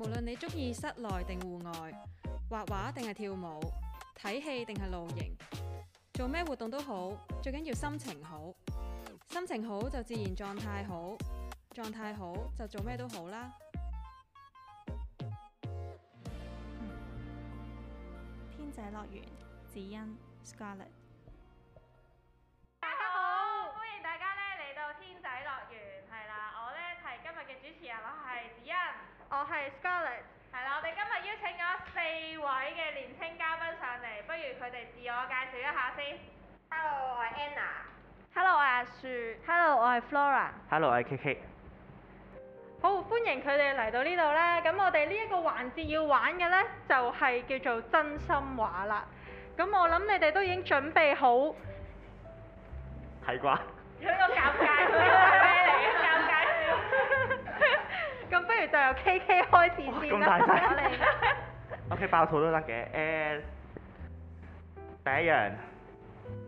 無論你中意室內定戶外，畫畫定係跳舞，睇戲定係露營，做咩活動都好，最緊要心情好。心情好就自然狀態好，狀態好就做咩都好啦。嗯，天仔樂園，指茵，Scarlett。Scar 係 Scarlett 係啦。我哋今日邀請咗四位嘅年輕嘉賓上嚟，不如佢哋自我介紹一下先。Hello，我係 Anna。Hello，我係阿樹。Hello，我係 Flora。Hello，我係 K K。好，歡迎佢哋嚟到呢度咧。咁我哋呢一個環節要玩嘅咧，就係、是、叫做真心話啦。咁我諗你哋都已經準備好。係啩吧？有個尷尬。 就由 K K 開始先啦、啊。 o、okay, K，爆肚都得嘅。誒、uh,，第一樣，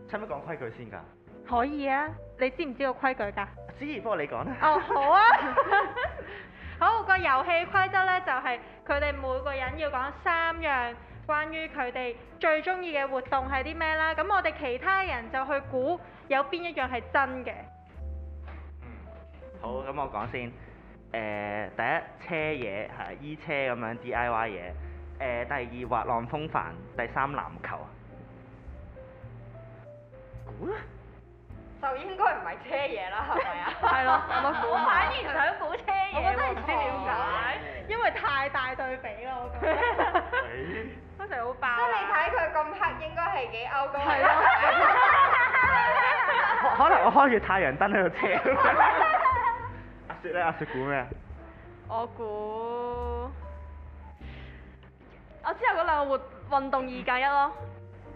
使唔使講規矩先㗎？可以啊，你知唔知個規矩㗎？知，不過你講啦。 哦，好啊。 好，個遊戲規則咧就係佢哋每個人要講三樣關於佢哋最中意嘅活動係啲咩啦。咁我哋其他人就去估有邊一樣係真嘅。好，咁我講先。誒，第一車嘢係依車咁樣 DIY 嘢，誒，第二滑浪風帆，第三籃球啊。估咧？就應該唔係車嘢啦，係咪啊？係咯，我反而想估車嘢，我真係唔知點解，因為太大對比啦，我覺得。對比。嗰成好爆。即係你睇佢咁黑，應該係幾歐高。嚟㗎？可能我開住太陽燈喺度車。説咧，阿雪估咩啊？我估，我之後嗰兩個活運動二減一咯。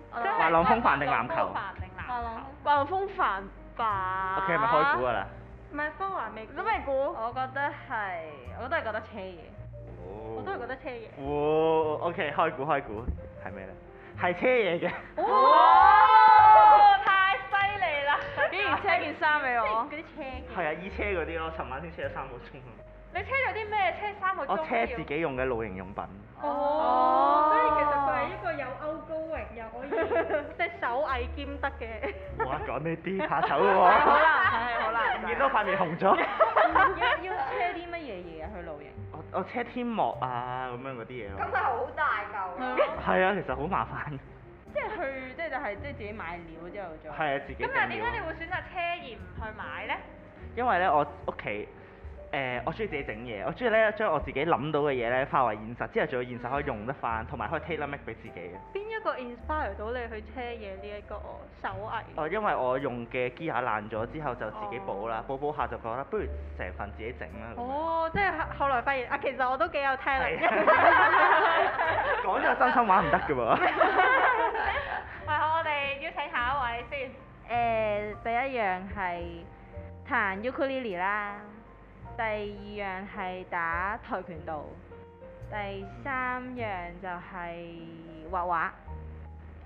啊、即係是。滑浪風帆定籃球？滑浪。滑浪風帆吧。O K，係咪開估噶啦？唔係風帆、啊、未。咁你估？我，我覺得係，我都係覺得車嘢。哦。我都係覺得車嘢。哇，O K，開估開估，係咩咧？係車嘢嘅。哦 件衫俾我，即係嗰啲車。係啊，依車嗰啲咯，尋晚先車咗三個鐘。你車咗啲咩？車三個鐘。我車自己用嘅露營用品。哦，oh, oh. 所以其實佢係一個有歐高榮又 可以即係手藝兼得嘅。哇，講呢啲怕醜喎。好啦， 好啦。唔見到塊面紅咗。 要要車啲乜嘢嘢去露營？ 我我車天幕啊，咁樣嗰啲嘢。咁咪好大嚿。係啊， 其實好麻煩。即係去，即係就係，即係自己買料之後再。係啊，自己。咁但係點解你會選擇車而唔去買咧？ 因為咧，我屋企。誒、呃，我中意自己整嘢，我中意咧將我自己諗到嘅嘢咧化為現實，之後仲有現實可以用得翻，同埋可以 tailor make 俾自己嘅。邊一個 inspire 到你去車嘢呢一個手藝？哦，因為我用嘅機械爛咗之後就自己補啦，哦、補一補一下就覺得不如成份自己整啦。哦，樣即係後來發現啊，其實我都幾有聽力嘅。講真，真心話唔得嘅喎。 喂，好，我哋邀請下一位先。誒，第一樣係彈 ukulele 啦。第二樣係打跆拳道，第三樣就係畫畫。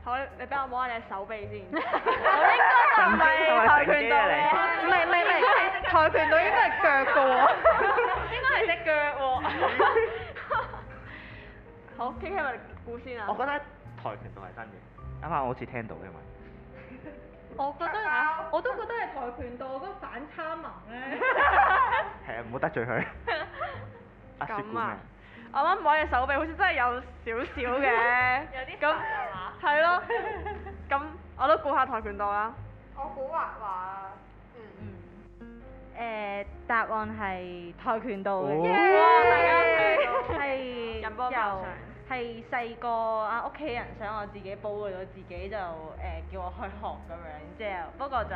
好，你俾我摸下你手臂先。 我應該唔係跆拳道嚟。唔係唔係唔係，跆拳道應該係腳嘅喎。 應該係隻腳喎。 好，K K 我哋估先啊？ 我覺得跆拳道係真嘅，啱啱我好似聽到因為。我覺得我都覺得係跆拳道，嗰反差萌咧。誒唔好得罪佢。咁啊，我摸我隻手臂好似真係有少少嘅。有啲感覺。咁係咯。咁我都估下跆拳道啦。我估畫畫啊。嗯嗯。誒，答案係跆拳道。哇！大家。係。人幫我上。係細個啊，屋企人想我自己保護到，我自己就誒叫我去學咁樣，即係不過就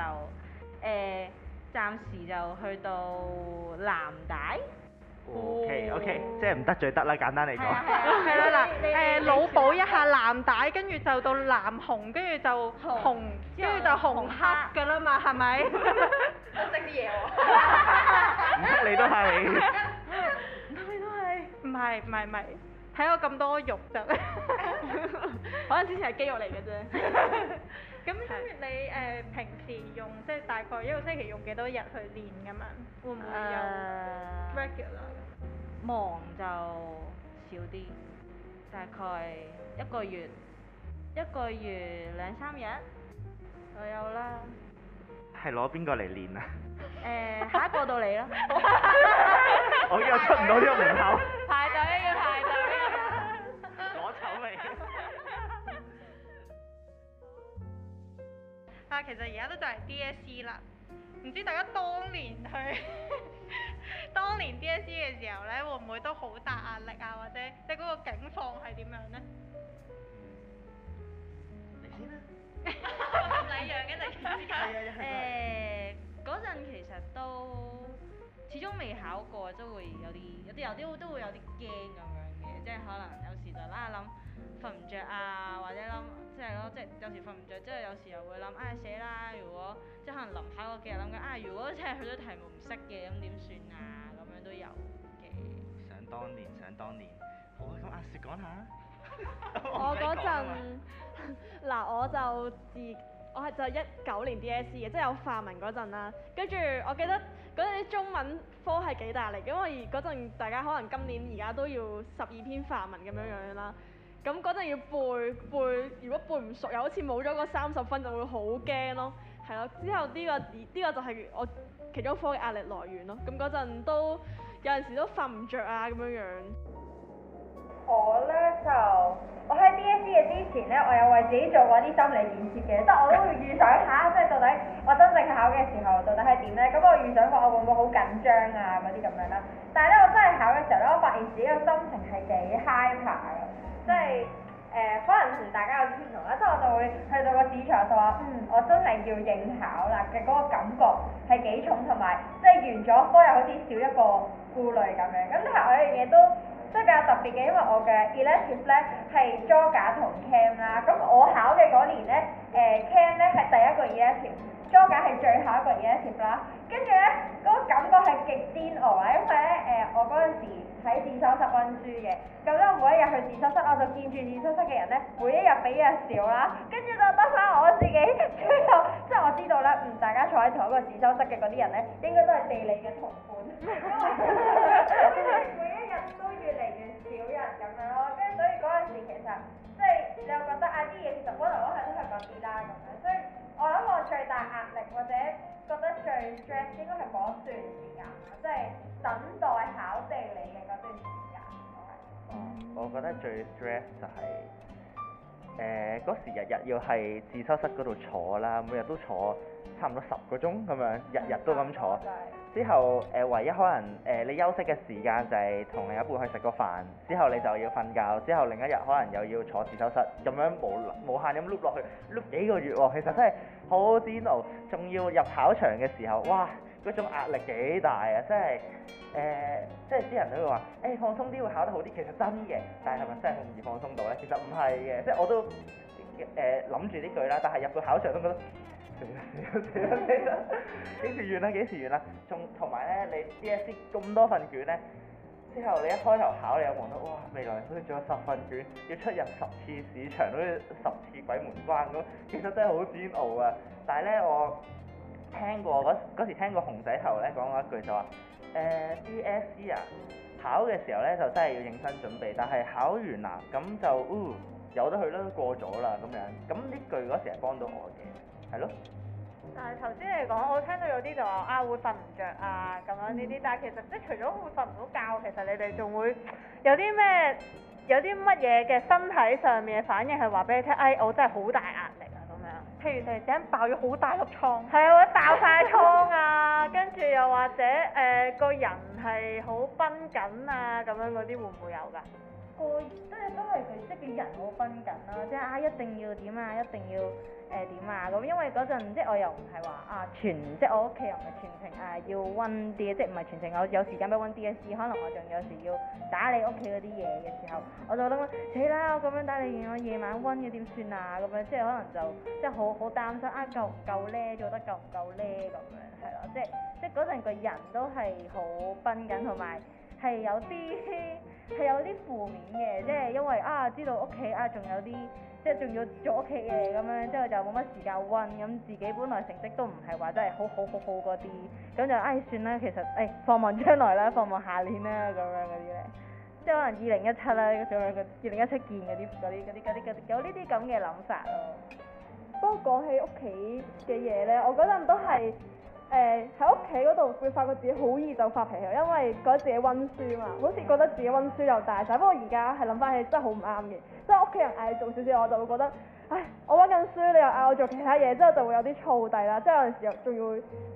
誒。暫時就去到藍帶，OK OK，即係唔得罪得啦，簡單嚟講。係啊啦嗱，誒腦補一下藍帶，跟住就到藍紅，跟住就紅，跟住就紅黑㗎啦嘛，係咪？識啲嘢喎。黑你都係。你都係。唔係唔係唔係。睇我咁多肉就得，可能之前係肌肉嚟嘅啫。咁你誒平時用即係大概一個星期用幾多日去練咁樣？會唔會有 regular？忙就少啲，大概一個月一個月兩三日都有啦。係攞邊個嚟練啊？誒，下一個到你啦。我依家出唔到呢個門口。排隊要排隊。啊， 其實而家都就係 DSC 啦，唔知大家當年去 當年 DSC 嘅時候咧，會唔會都好大壓力啊？或者即係嗰個境況係點樣咧？嚟先啦！咁禮嘅定唔知？誒， 嗰、就、陣其實都始終未考過，都會有啲有啲有啲都會有啲驚咁樣嘅，即、就、係、是、可能有時就啦下諗。瞓唔着啊，或者諗即係咯，即係有時瞓唔着，即係有時又會諗唉，死啦！如果即係可能臨下嗰幾日諗緊啊，如果真係去咗題目唔識嘅，咁點算啊？咁樣都有嘅。想當年，想當年，好咁阿雪講下。 我嗰陣嗱，我就自我係就一九年 DSE 嘅，即係有範文嗰陣啦。跟住我記得嗰陣啲中文科係幾大力，因為嗰陣大家可能今年而家都要十二篇範文咁樣樣啦。嗯咁嗰陣要背背，如果背唔熟又好似冇咗嗰三十分就會好驚咯，係咯。之後呢、呢個呢、呢個就係我其中一科嘅壓力來源咯。咁嗰陣都有陣時都瞓唔着啊咁樣樣。我咧就我喺 DSE 之前咧，我有為自己做過啲心理建設嘅，即係我都會預想下，即係到底我真正考嘅時候到底係點咧？咁我預想過我會唔會好緊張啊嗰啲咁樣啦。但係咧我真係考嘅時候咧，我發現自己嘅心情係幾 hyper 㗎。即係誒、呃，可能同大家有啲唔同啦，即係我就會去到個市場就話，嗯，我真係要應考啦嘅嗰個感覺係幾重，同埋即係完咗科又好似少一個顧慮咁樣。咁另外一樣嘢都即係比較特別嘅，因為我嘅 year shift 咧係 joa 同 cam 啦。咁我考嘅嗰年咧誒 cam 咧係第一個 year shift，joa 係最後一個 year shift 啦。跟住咧嗰個感覺係極煎熬啊，因為咧誒、呃、我嗰陣時，喺自修室溫書嘅，咁咧我每一日去自修室我就見住自修室嘅人咧，每一日比一日少啦，跟住就得翻我自己，跟住即係我知道咧，嗯，大家坐喺同一個自修室嘅嗰啲人咧，應該都係地理嘅同班同款。因為每一日都越嚟越少人咁樣咯，跟住所以嗰陣時其實即係、就是、你又覺得啊啲嘢其實波頭波尾都係嗰啲啦咁樣，所以我諗我最大壓力或者。覺得最 stress 應該係嗰段時間，即係等待考地理嘅嗰段時間。我係這個。我覺得最 stress 就係。誒嗰、呃、時日日要喺自修室嗰度坐啦，每日都坐差唔多十個鐘咁樣，日日都咁坐。之後誒、呃、唯一可能誒、呃、你休息嘅時間就係同另一半去食個飯，之後你就要瞓覺，之後另一日可能又要坐自修室，咁樣無無限咁碌落去，碌 o o 幾個月喎，其實真係好煎熬，仲要入考場嘅時候，哇！嗰種壓力幾大啊！即係誒，即係啲人都會話誒、欸，放鬆啲會考得好啲，其實真嘅，但係係咪真係容易放鬆到咧？其實唔係嘅，即係我都誒諗住呢句啦，但係入到考場都覺得死啦死啦死啦死啦！幾時完啦，幾時完啦？仲同埋咧，你 D S E 咁多份卷咧，之後你一開頭考你又望到哇，未來好似仲有十份卷要出入十次市場，好似十次鬼門關咁，其實真係好煎熬啊！但係咧我。聽過嗰，嗰時聽過熊仔頭咧講過一句，就話誒 DSE 啊，考嘅時候咧就真係要認真準備，但係考完啦，咁就嗯有得去啦，過咗啦咁樣，咁呢句嗰時係幫到我嘅，係咯。但係頭先你講我聽到有啲就話啊，會瞓唔著啊咁樣呢啲，但係其實即係除咗會瞓唔到覺，其實你哋仲會有啲咩，有啲乜嘢嘅身體上面嘅反應係話俾你聽？哎，我真係好大壓力。譬如糖突然爆咗好大粒瘡，係啊，我爆晒瘡啊！跟住又或者誒個、呃、人係好崩緊啊，咁樣嗰啲會唔會有㗎？個都都係佢識嘅人好崩緊啦、啊，即係啊一定要點啊，一定要。誒點、呃、啊咁，因為嗰陣即係我又唔係話啊全，即係我屋企又唔係全程誒、啊、要温啲，即係唔係全程我有時間俾温啲嘅，事。可能我仲有時要打理屋企嗰啲嘢嘅時候，我就諗緊，死啦，我咁樣打理完，我夜晚温嘅點算啊？咁樣即係可能就即係好好擔心啊夠唔夠咧，做得夠唔夠咧咁樣，係咯，即係即係嗰陣個人都係好繃緊，同埋係有啲係有啲負面嘅，即係因為啊知道屋企啊仲有啲。即係仲要做屋企嘢咁樣，之後就冇乜時間温，咁自己本來成績都唔係話真係好好好好嗰啲，咁就唉算啦，其實誒、哎、放望將來啦，放望下年啦咁樣嗰啲咧，即係可能二零一七啦，仲有個二零一七見嗰啲嗰啲嗰啲嗰啲有呢啲咁嘅諗法咯。不過講起屋企嘅嘢咧，我覺得都係。誒喺屋企嗰度會發覺自己好易就發脾氣，因為覺得自己温書啊嘛，好似覺得自己温書又大晒。不過而家係諗翻起真係好唔啱嘅，即係屋企人嗌你做少少，我就會覺得，唉，我温緊書，你又嗌我做其他嘢，之後就會有啲燥底啦。即係有陣時又仲要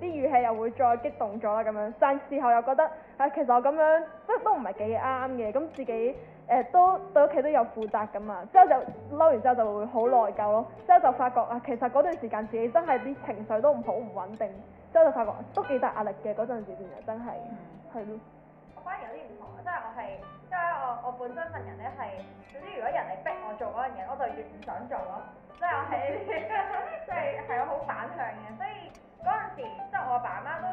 啲語氣又會再激動咗啦咁樣，但事後又覺得，唉，其實我咁樣即係都唔係幾啱嘅，咁自己。誒、呃、都對屋企都有負責㗎嘛，之後就嬲完之後就會好內疚咯，之後就發覺啊，其實嗰段時間自己真係啲情緒都唔好唔穩定，之後就發覺、啊、都幾大壓力嘅嗰陣時段啊，真係，係咯、嗯。的我反而有啲唔同啊，即係我係，即係我我本身份人咧係，總之如果人哋逼我做嗰樣嘢，我就越唔想做咯，即係我係，即係係我好反向嘅，所以嗰陣時即係我爸媽都。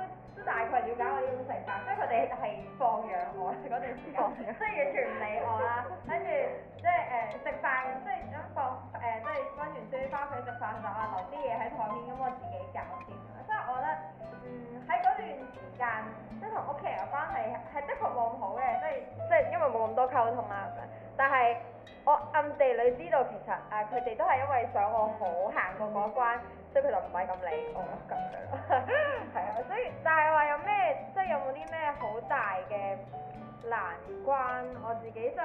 大概了解我呢種食法，所以佢哋係放養我。嗰段時間，即係完全唔理我啦。跟住， 即係誒食飯，即係咁放誒，即係溫完書，翻屋企食飯咗，留啲嘢喺台面，咁我自己搞掂。所以，我覺得，嗯，喺嗰段時間，即係同屋企人翻嚟，係的確冇咁好嘅，即係即係因為冇咁多溝通啦。但係我暗地裏知道，其實誒佢哋都係因為想我好，行過嗰一關。嗯。即係佢就唔使咁理我咁嘅啦，係 啊，所以但係話有咩即係有冇啲咩好大嘅難關？我自己就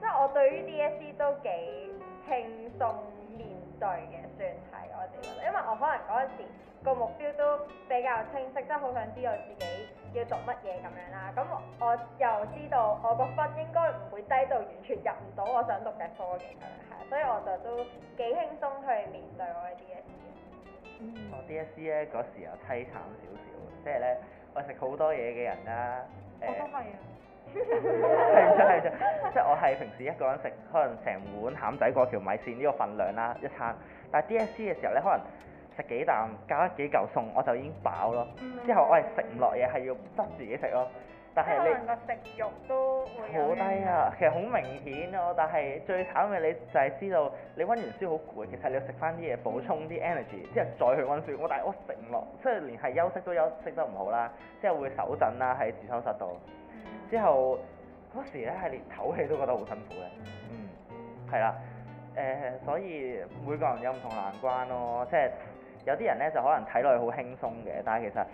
即係、就是、我對於 DSE 都幾輕鬆面對嘅算係，我哋覺得，因為我可能嗰陣時個目標都比較清晰，即係好想知道自己要讀乜嘢咁樣啦。咁我又知道我個分應該唔會低到完全入唔到我想讀嘅科嘅咁樣係，所以我就都幾輕鬆去面對我呢啲嘢。嗯、我 D S C 咧嗰時候淒慘少少，即係咧我食好多嘢嘅人啦，我都係、呃、啊， 係係啫？即係、就是、我係平時一個人食可能成碗餡仔過橋米線呢個份量啦，一餐，但係 D S C 嘅時候咧，可能食幾啖加幾嚿餸我就已經飽咯，之後我係食唔落嘢，係要執自己食咯。但係你食慾都好低啊！其實好明顯咯、啊，但係最慘嘅你就係知道你温完書好攰，其實你要食翻啲嘢補充啲 energy，之後再去温書。但我但係我食唔落，即係連係休息都休息得唔好啦，即係會手震啦喺自修室度。之後嗰時咧係連唞氣都覺得好辛苦嘅。嗯，係啦。誒、呃，所以每個人有唔同難關咯，即、就、係、是、有啲人咧就可能睇落去好輕鬆嘅，但係其實。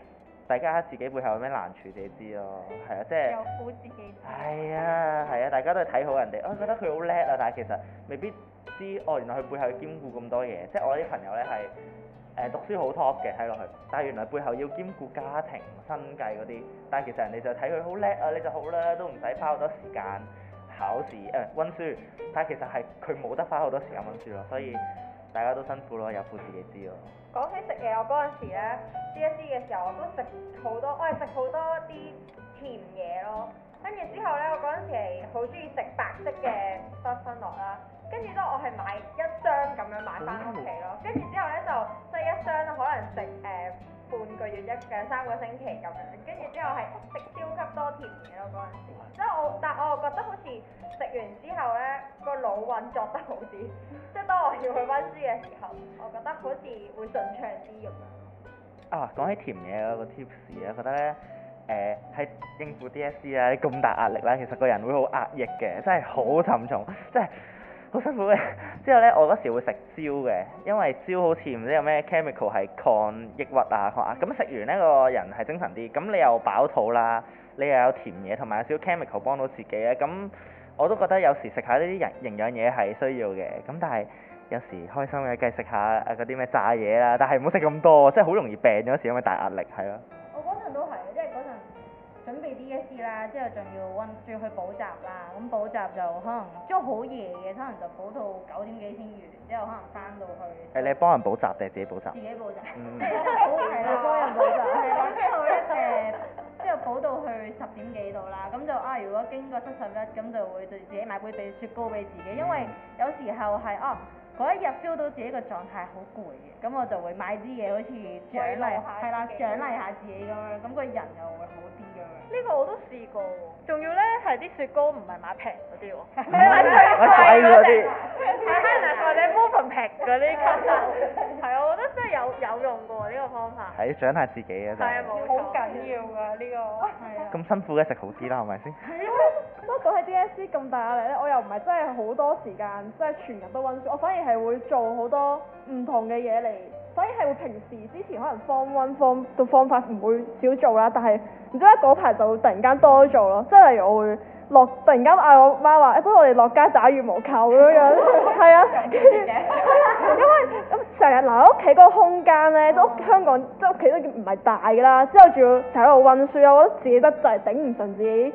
大家自己背後有咩難處自己知咯，係啊，即係，有苦自己，係啊，係啊，大家都係睇好人哋，啊覺得佢好叻啊，但係其實未必知哦，原來佢背後兼顧咁多嘢。即係我啲朋友咧係誒讀書好 top 嘅，睇落去，但係原來背後要兼顧家庭、生計嗰啲，但係其實人哋就睇佢好叻啊，你就好啦，都唔使花好多時間考試誒温書，但係其實係佢冇得花好多時間温書咯，所以。大家都辛苦咯，有苦自己知喎。講起食嘢，我陣時咧，D 一 D 嘅時候，我都食好多，我係食好多啲甜嘢咯。跟住之後咧，我陣時係好中意食白色嘅花生樂啦。跟住之後我係買一箱咁樣買翻屋企咯。跟住之後咧就即係一箱，可能食誒、呃、半個月一嘅三個星期咁樣。跟住之後係食超級多甜嘢咯陣時時。之後我但係我又覺得好似食完之後。好運作得好啲，即係當我要去温書嘅時候，我覺得好似會順暢啲咁。啊，講起甜嘢個 tips 我覺得咧誒喺應付 DSE 啊啲咁大壓力咧，其實個人會好壓抑嘅，真係好沉重，真係好辛苦嘅。之後咧，我嗰時會食蕉嘅，因為蕉好似唔知有咩 chemical 係抗抑鬱啊抗，咁食完呢個人係精神啲。咁你又飽肚啦，你又有甜嘢同埋有少 chemical 幫到自己咧，咁。我都覺得有時食下呢啲營營養嘢係需要嘅，咁但係有時開心嘅梗係食下啊嗰啲咩炸嘢啦，但係唔好食咁多，即係好容易病咗。時因為大壓力係咯。我嗰陣都係，即係嗰陣準備 DSE 啦，之後仲要温，仲要去補習啦。咁補習就可能即係好夜嘅，可能就補到九點幾先完，之後可能翻到去。誒，你係幫人補習定係自己補習？補習，自己補習。係啦， 幫人補習。補到去十點幾度啦，咁就啊，如果經過七十一，咁就會對自己買杯冰雪糕俾自己，因為有時候係啊。嗰一日 feel 到自己個狀態好攰嘅，咁我就會買啲嘢好似獎勵，係啦獎勵下自己咁樣，咁個人又會好啲嘅。呢個我都試過喎。仲要咧係啲雪糕，唔係買平嗰啲喎，係買貴嗰啲，或者冇咁平嗰啲級數。係啊，我覺得真係有有用嘅喎呢個方法。係獎勵下自己嘅。係啊，好緊要㗎呢個。係啊。咁辛苦嘅食好啲啦，係咪先？係啊。都講起 D S C 咁大壓力咧，我又唔係真係好多時間，即係全日都温書，我反而。係會做好多唔同嘅嘢嚟，所以係會平時之前可能方 one 方嘅方法唔會少做啦，但係唔知點解嗰排就突然間多做咯。即係例如我會落突然間嗌我媽話、欸，不如我哋落街打羽毛球咁樣，係 啊。 因為咁成日留喺屋企嗰個空間咧，都、啊、香港即係屋企都唔係大㗎啦，之後仲要成日喺度温書啊，我覺得自己得滯頂唔順自己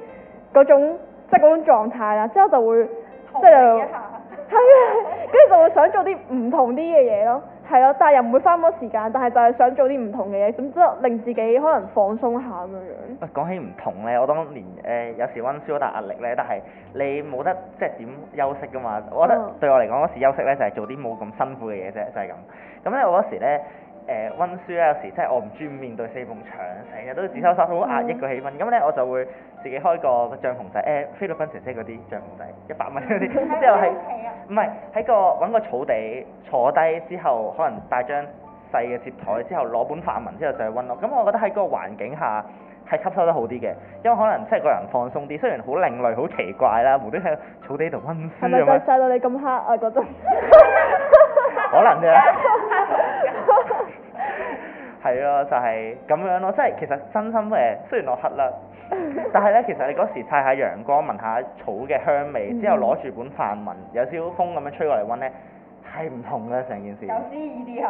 嗰種 即係嗰種狀態啦，之後就會即係。係啊，跟住 就會想做啲唔同啲嘅嘢咯，係咯，但係又唔會花咁多時間，但係就係想做啲唔同嘅嘢，咁即係令自己可能放鬆下咁樣。喂，講起唔同咧，我當年誒、呃、有時温書嗰陣好大壓力咧，但係你冇得即係點休息噶嘛？我覺得對我嚟講嗰時休息咧就係做啲冇咁辛苦嘅嘢啫，就係、是、咁。咁咧我嗰時咧。誒温書咧，有時即係我唔專門面對四埲牆，成日都自修室好壓抑個氣氛，咁咧的我就會自己開個帳篷仔，誒菲律賓姐姐嗰啲帳篷仔，一百蚊嗰啲， 之後係唔係喺個揾個草地坐低之後，可能帶張細嘅摺枱之後攞本範文之後就去温咯。咁我覺得喺嗰個環境下係吸收得好啲嘅，因為可能即係個人放鬆啲，雖然好另類好奇怪啦，無端喺草地度温書咁樣。曬到你咁黑？我覺得可能啫。係咯，就係咁樣咯，即係其實真心誒，雖然我黑啦，但係咧，其實你嗰時曬下陽光，聞下草嘅香味，之後攞住本範文，有少少風咁樣吹過嚟温咧，係唔同嘅，成件事有 D。啊、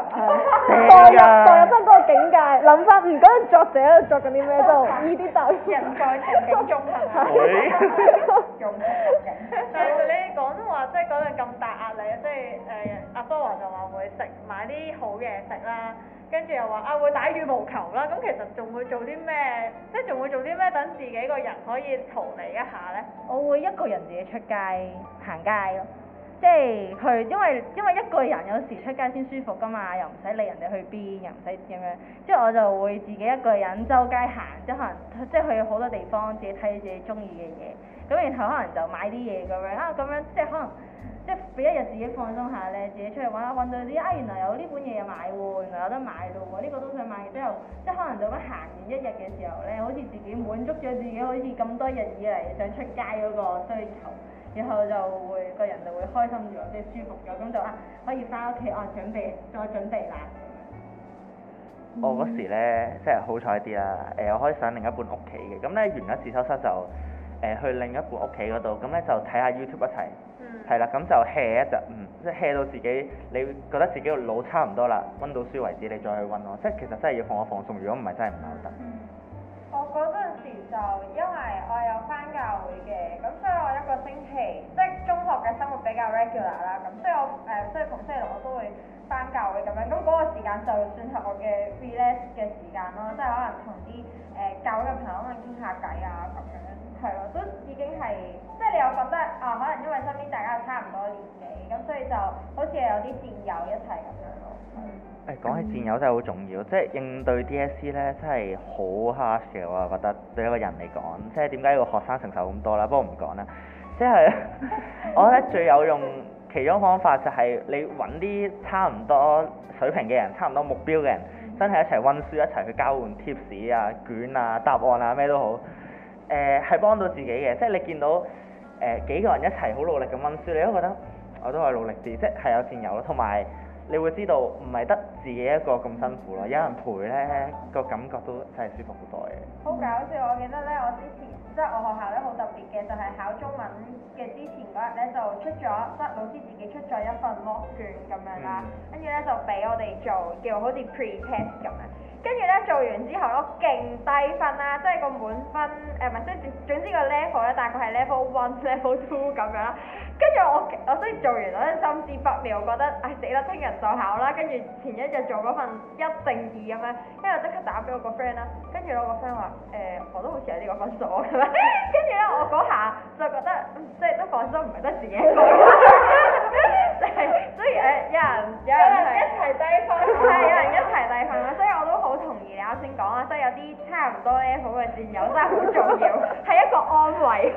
有知呢啲係嘛？代入代入真嗰個境界，諗翻唔嗰個作者作緊啲咩都。呢啲就 人才、 啊，頂中級。即係嗰陣咁大壓力，即係誒阿波 o 就話會食買啲好嘢食啦，跟住又話啊會打羽毛球啦，咁、啊、其實仲會做啲咩？即係仲會做啲咩等自己個人可以逃離一下呢？我會一個人自己出街行街咯，即係去，因為因為一個人有時出街先舒服噶嘛，又唔使理人哋去邊，又唔使咁樣。即係我就會自己一個人周街行，即係行，即係去好多地方，自己睇自己中意嘅嘢。咁然後可能就買啲嘢咁樣啊，咁樣即係可能即係俾一日自己放鬆下咧，自己出去玩下，揾到啲啊，原來有呢本嘢有買喎，原來有得買到喎，呢個都想買，之後即係可能就咁行完一日嘅時候咧，好似自己滿足咗自己，好似咁多日以嚟想出街嗰個需求，然後就會個人就會開心咗，即係舒服咗，咁就啊可以翻屋企哦，準備再準備啦。我嗰時咧真係好彩啲啦，誒我可以上另一半屋企嘅，咁咧完咗自修室就。誒去另一半屋企嗰度，咁咧就睇下 YouTube 一齊，係啦、嗯，咁就 hea 一陣，嗯，即 hea 到自己，你覺得自己個腦差唔多啦，温到書為止，你再去温咯，即其實真係要放一放鬆，如果唔係真係唔係好得。嗯、我嗰陣時就因為我有返教會嘅，咁所以我一個星期，即、就是、中學嘅生活比較 regular 啦，咁所以我誒，所以逢星期六我都會返教會咁樣，咁嗰個時間就算係我嘅 relax 嘅時間咯，即、就是、可能同啲誒教會嘅朋友咁樣傾下偈啊咁樣。係咯，都已經係，即係你又覺得啊，可能因為身邊大家差唔多年紀，咁所以就好似係有啲戰友一齊咁樣咯。誒，講、哎、起戰友真係好重要，嗯、即係應對 D S C 咧，真係好 hard 嘅，我覺得對一個人嚟講，即係點解要學生承受咁多啦？不過唔講啦，即係我覺得最有用 其中方法就係你揾啲差唔多水平嘅人，差唔多目標嘅人，真係一齊温書，一齊去交換 tips 啊、卷啊、答案啊，咩都好。誒係、呃、幫到自己嘅，即係你見到誒、呃、幾個人一齊好努力咁温書，你都覺得、嗯、我都可以努力啲，即係係有戰友咯。同埋你會知道唔係得自己一個咁辛苦咯，嗯、有人陪咧、嗯、個感覺都真係舒服好多嘅。好搞笑！我記得咧，我之前即係我學校咧好特別嘅，就係、是、考中文嘅之前嗰日咧就出咗，即係老師自己出咗一份 Mock 卷咁樣啦，跟住咧就俾我哋做，叫好似 Pretest 咁啊。跟住咧做完之後咧，勁低分啦、啊，即係個滿分，誒唔係，即係總之個 level 咧，大概係 level one、level two 咁樣啦。跟住我我雖然做完我都心知不妙，覺得唉、哎、死啦，聽日就考啦。跟住前一日做嗰份一定二咁樣，跟住即刻打俾我個 friend 啦。跟住我個 friend 話誒，我都好似有呢個分數咁樣。跟住咧我嗰下就覺得即係都放心，唔係得自己一個。係， 所以誒有人有人一齊低分，係有人一齊低分啦。嗯先講啊，即係有啲差唔多咧，好嘅戰友真係好重要，係 一個安慰。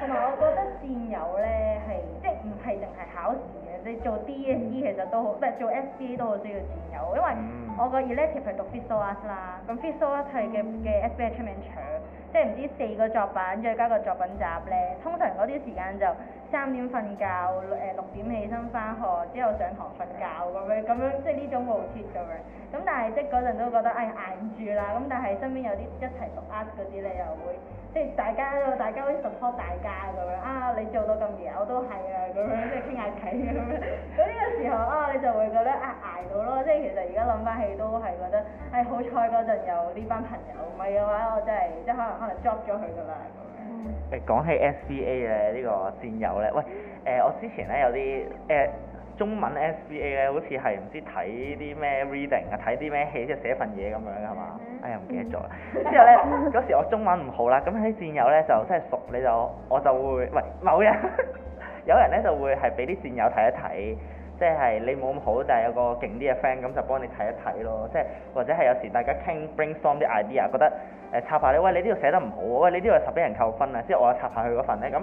同 埋我覺得戰友咧係，即係唔係淨係考試嘅，你做 DSE 其實都好，唔係做 SBA 都好需要戰友，因為我個 elective 係讀 Visual Art 啦，咁 Visual Art 係嘅嘅 experiment chair。即係唔知四個作品，再加個作品集咧，通常嗰啲時間就三點瞓覺，誒六點起身翻學，之後上堂瞓覺咁樣，咁樣即係呢種冇險咁樣。咁但係即係嗰陣都覺得啊捱唔住啦，咁但係身邊有啲一齊讀 US 嗰啲你又會，即係大家都大家會 support 大家咁樣，啊你做到咁夜，我都係啊咁樣，即係傾下偈咁樣。咁 呢個時候啊你就會覺得啊捱到咯，即係其實而家諗翻起都係覺得，唉好彩嗰陣有呢班朋友，唔係嘅話我真係即係可能。可能 job 咗佢噶啦，誒 講起 SBA 咧呢、呢個戰友咧，喂誒、呃、我之前咧有啲誒、呃、中文 SBA 咧，好似係唔知睇啲咩 reading 啊，睇啲咩戲即係寫份嘢咁樣嘅係嘛？Mm hmm. 哎呀、呃、唔記得咗啦，mm hmm. 之後咧嗰 時我中文唔好啦，咁喺戰友咧就真係熟你就我就會喂某人 有人咧就會係俾啲戰友睇一睇。即係你冇咁好，但係有個勁啲嘅 friend 咁就幫你睇一睇咯。即係或者係有時大家傾 brainstorm 啲 idea，覺得誒、呃、插下你，喂你呢度寫得唔好，喂你呢度十幾人扣分啊，之後我插下佢嗰份咧，咁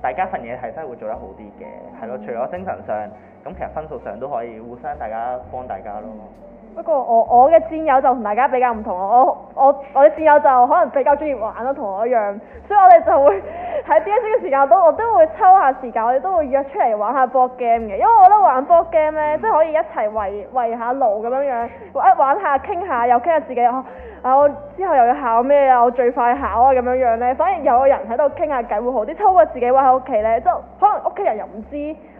大家份嘢係真係會做得好啲嘅，係咯、嗯。除咗精神上，咁其實分數上都可以互相大家幫大家咯。嗯。不過我我嘅戰友就同大家比較唔同咯，我我我嘅戰友就可能比較中意玩咯，同我一樣，所以我哋就會喺 D S C 嘅時間我都我都會抽下時間，我哋都會約出嚟玩下 board game 嘅，因為我覺得玩 board game 咧，即係可以一齊圍圍下爐咁樣樣，玩玩下傾下又傾下自己，啊，啊我之後又要考咩啊，我最快考啊咁樣樣咧，反而有個人喺度傾下偈會好啲，抽過自己屈喺屋企咧，即係可能屋企人又唔知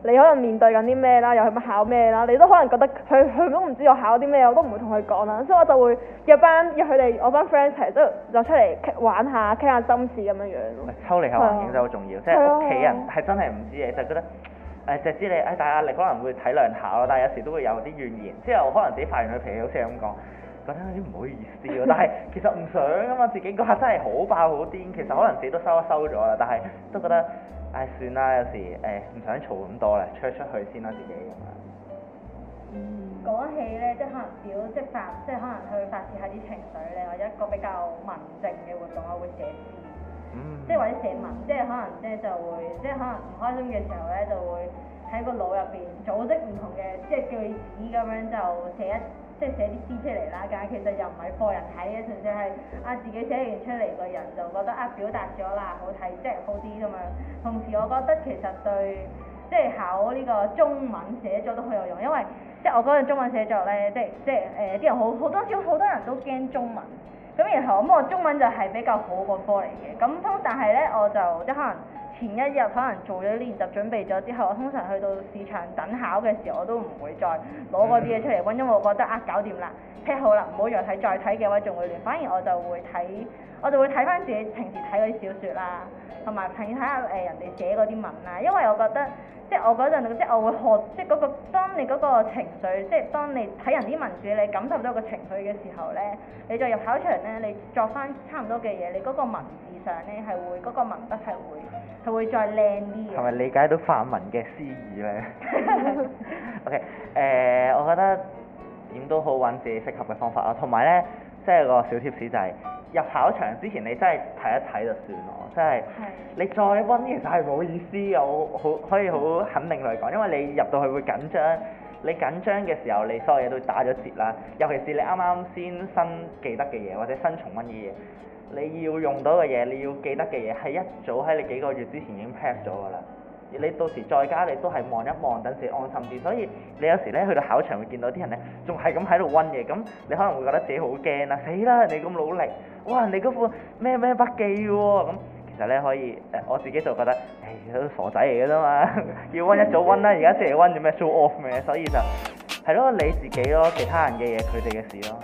你可能面對緊啲咩啦，又係乜考咩啦，你都可能覺得佢佢都唔知我考啲咩。我都唔會同佢講啦，所以我就會約班，約佢哋我班 friend 一齊都就出嚟玩下，傾下心事咁樣樣。抽離下環境真係好重要，即係屋企人係真係唔知嘅，就覺得誒就、呃、知你誒、哎、大壓力可能會體諒下咯，但係有時都會有啲怨言。之後可能自己發完佢脾氣，好似咁講，覺得有啲唔好意思咯。但係其實唔想啊嘛，自己嗰下真係好爆好癲，其實可能自己都收一收咗啦，但係都覺得唉、哎，算啦，有時誒唔、哎、想嘈咁多啦，出一出去先啦，自己咁啊。講起咧，即係可能表即發，即係可能去發泄下啲情緒咧，或者一個比較文靜嘅活動，我會寫詩，即係、mm. 或者寫文，即係可能即係就會，即係可能唔開心嘅時候咧，就會喺個腦入邊組織唔同嘅即係句子咁樣，就寫一即係寫啲詩出嚟啦。但係其實又唔係畀人睇嘅，純粹係啊自己寫完出嚟，個人就覺得啊表達咗啦，好睇即係好啲咁樣。同時我覺得其實對即係考呢個中文寫作都好有用，因為。即係我嗰陣中文寫作咧，即係即係誒啲人好好多少，好多人都驚中文，咁然後咁我中文就係比較好個科嚟嘅，咁通但係咧我就即可能前一日可能做咗練習準備咗之後，我通常去到市場等考嘅時候，我都唔會再攞嗰啲嘢出嚟，因為我覺得啊搞掂啦，撇好啦，唔好再睇再睇嘅話仲會亂，反而我就會睇我就會睇翻自己平時睇嗰啲小説啦，同埋睇下誒人哋寫嗰啲文啦，因為我覺得。即係我嗰陣，即係我會學，即係、那、嗰個當你嗰個情緒，即係當你睇人啲文字，你感受到個情緒嘅時候咧，你再入考場咧，你作翻差唔多嘅嘢，你嗰個文字上咧係會，嗰、那個文筆係會係會再靚啲嘅。係咪理解到範文嘅詩意咧 ？OK，誒、呃，我覺得點都好搵自己適合嘅方法咯，同埋咧，即、就、係、是、個小貼士就係、是。入考場之前，你真係睇一睇就算咯，真係是的 你再温其實係冇意思嘅，我好可以好肯定嚟講，因為你入到去會緊張，你緊張嘅時候，你所有嘢都打咗折啦，尤其是你啱啱先新記得嘅嘢或者新重温嘅嘢，你要用到嘅嘢，你要記得嘅嘢，係一早喺你幾個月之前已經 pack 咗㗎啦。你到時在家你都係望一望，等時安心啲。所以你有時咧去到考場會見到啲人咧，仲係咁喺度温嘢，咁你可能會覺得自己好驚啦。死啦！你咁努力，哇！你嗰副咩咩筆記喎咁，其實咧可以誒、呃，我自己就覺得誒都傻仔嚟嘅啫嘛， 要温一早温啦。而家即係温做咩 show off 咩，所以就係咯你自己咯，其他人嘅嘢佢哋嘅事咯。